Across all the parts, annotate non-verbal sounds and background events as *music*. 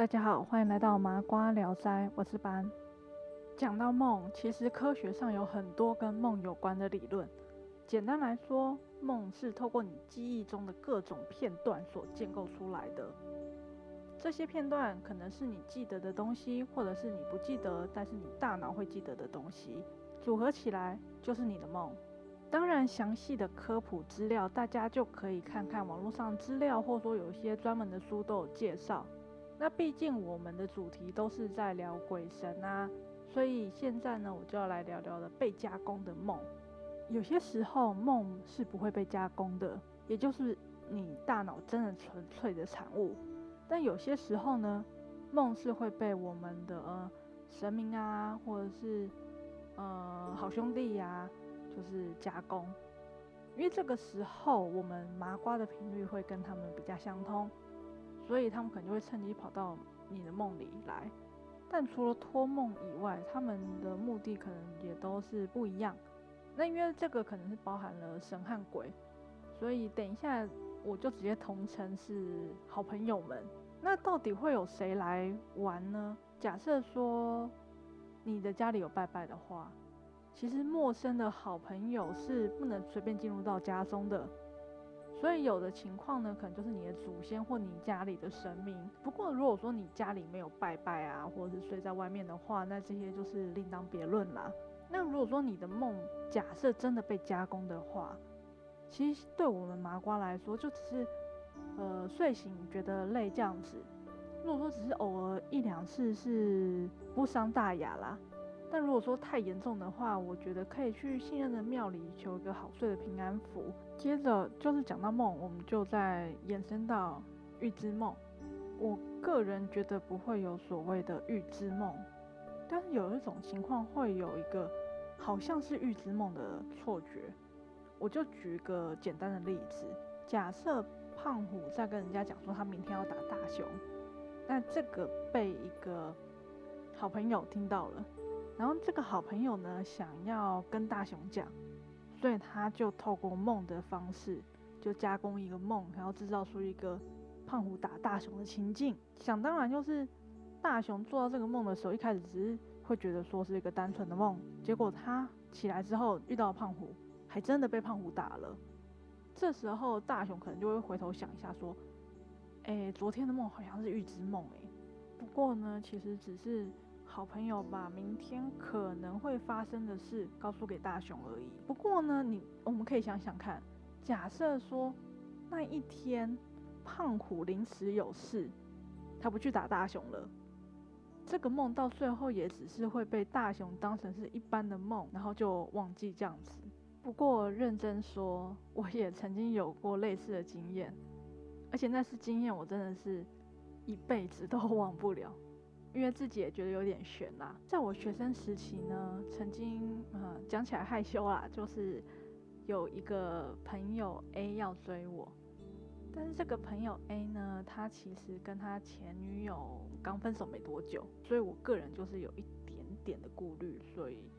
大家好，歡迎來到《麻瓜聊齋》，我是班。講到夢，其實科學上有很多跟夢有關的理論。簡單來說，夢是透過你記憶中的各種片段所建構出來的。這些片段可能是你記得的東西，或者是你不記得，但是你大腦會記得的東西。組合起來就是你的夢。當然，詳細的科普資料，大家就可以看看網絡上資料，或者說有一些專門的書都有介紹。那畢竟我們的主題都是在聊鬼神啊，所以現在呢，我就要來聊聊的被加工的夢。有些時候夢是不會被加工的，也就是你大腦真的純粹的產物。但有些時候呢，夢是會被我們的呃神明啊，或者是呃好兄弟呀、啊，就是加工。因為這個時候我們麻瓜的頻率會跟他們比較相通。所以他們可能就會趁機跑到你的夢裡來，但除了托夢以外，他們的目的可能也都是不一樣。那因為這個可能是包含了神和鬼，所以等一下我就直接統稱是好朋友們。那到底會有誰來玩呢？假設說你的家裡有拜拜的話，其實陌生的好朋友是不能隨便進入到家中的。所以有的情況呢，可能就是你的祖先或你家裡的神明。不過如果說你家裡沒有拜拜啊，或者是睡在外面的話，那這些就是另當別論啦。那如果說你的夢假設真的被加工的話，其實對我們麻瓜來說，就只是，呃，睡醒覺得累這樣子。如果說只是偶爾一兩次，是不傷大雅啦。但如果說太嚴重的話，我覺得可以去信任的廟裡求一個好睡的平安符。接着就是講到夢，我們就再延伸到預知夢。我個人覺得不會有所謂的預知夢，但是有一種情況會有一個好像是預知夢的錯覺。我就舉一個簡單的例子，假設胖虎在跟人家講說他明天要打大雄，那這個被一個好朋友聽到了。然後這個好朋友呢，想要跟大雄講，所以他就透過夢的方式，就加工一個夢，然後製造出一個胖虎打大雄的情境。想當然就是，大雄做到這個夢的時候，一開始只是會覺得說是一個單純的夢，結果他起來之後遇到胖虎，還真的被胖虎打了。這時候大雄可能就會回頭想一下，說：“誒，昨天的夢好像是預知夢，欸，哎，不過呢，其實只是。”好朋友把明天可能會發生的事，告訴給大雄而已。不過呢，你我們可以想想看，假設說那一天胖虎臨時有事，他不去打大雄了，這個夢到最後也只是會被大雄當成是一般的夢，然後就忘記這樣子。不過認真說，我也曾經有過類似的經驗，而且那次經驗，我真的是一輩子都忘不了。因為自己也覺得有點玄啦、啊。在我學生時期呢，曾經，呃、嗯，講起來害羞啦，就是有一個朋友 A 要追我，但是這個朋友 A 呢，他其實跟他前女友剛分手沒多久，所以我個人就是有一點點的顧慮，所以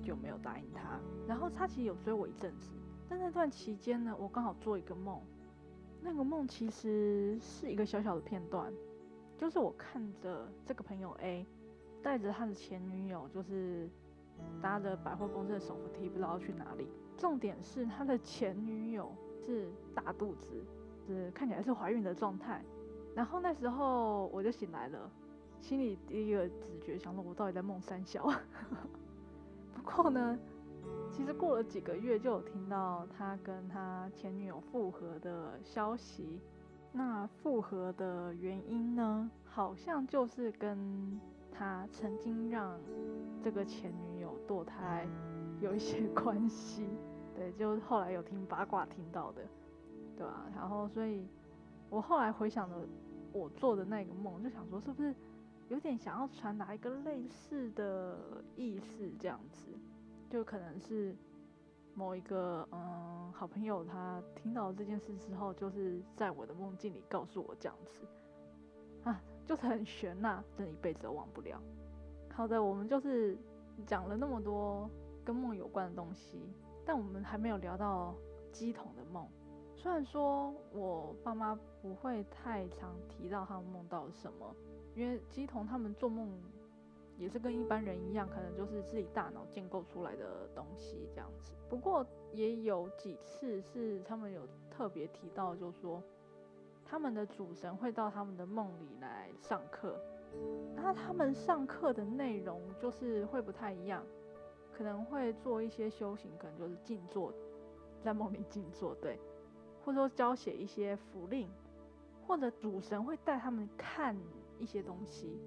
就沒有答應他。然後他其實有追我一陣子，但那段期間呢，我剛好做一個夢，那個夢其實是一個小小的片段。就是我看着這個朋友 A，帶着他的前女友，就是搭着百貨公司的手扶梯，不知道要去哪裡。重點是他的前女友是大肚子，是看起來是懷孕的狀態。然後那時候我就醒來了，心裡第一個直覺想說，我到底在夢三小？ *laughs* 不過呢，其實過了幾個月，就有聽到他跟他前女友復合的消息。那複合的原因呢，好像就是跟他曾經讓這個前女友墮胎有一些關係，對，就後來有聽八卦聽到的，對啊，然後所以，我後來回想的我做的那個夢，就想說是不是有點想要傳達一個類似的意思，這樣子，就可能是。某一個嗯，好朋友，他聽到這件事之後，就是在我的夢境裡告訴我這樣子，啊，就是很玄吶、啊，人一輩子都忘不了。好的，我們就是講了那麼多跟夢有關的東西，但我們還沒有聊到基同的夢。雖然說我爸媽不會太常提到他們夢到什麼，因為基同他們做夢。也是跟一般人一樣，可能就是自己大腦建構出來的東西這樣子。不過也有幾次是他們有特別提到，就是說他們的主神會到他們的夢裡來上課。那他們上課的內容就是會不太一樣，可能會做一些修行，可能就是靜坐，在夢裡靜坐，對，或者說教寫一些符令，或者主神會帶他們看一些東西。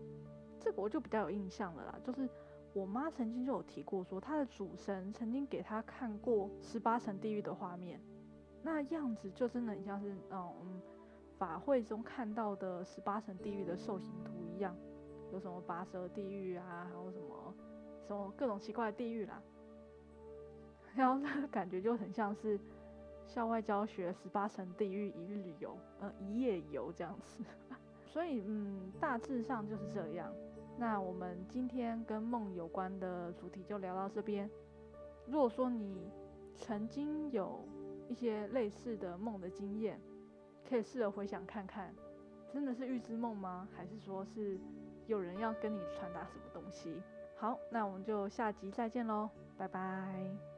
這個我就比較有印象了啦，就是我媽曾經就有提過說，說她的主神曾經給她看過十八層地獄的畫面，那樣子就真的很像是嗯，法會中看到的十八層地獄的受刑圖一樣，有什麼拔舌地獄啊，還有什麼什麼各種奇怪的地獄啦，然後那個感覺就很像是校外教學十八層地獄一日遊，嗯、呃，一夜遊這樣子。所以，嗯，大致上就是這樣。那我們今天跟夢有關的主題就聊到這邊。如果說你曾經有一些類似的夢的經驗，可以試着回想看看，真的是預知夢嗎？還是說是有人要跟你傳達什麼東西？好，那我們就下集再見嘍，拜拜。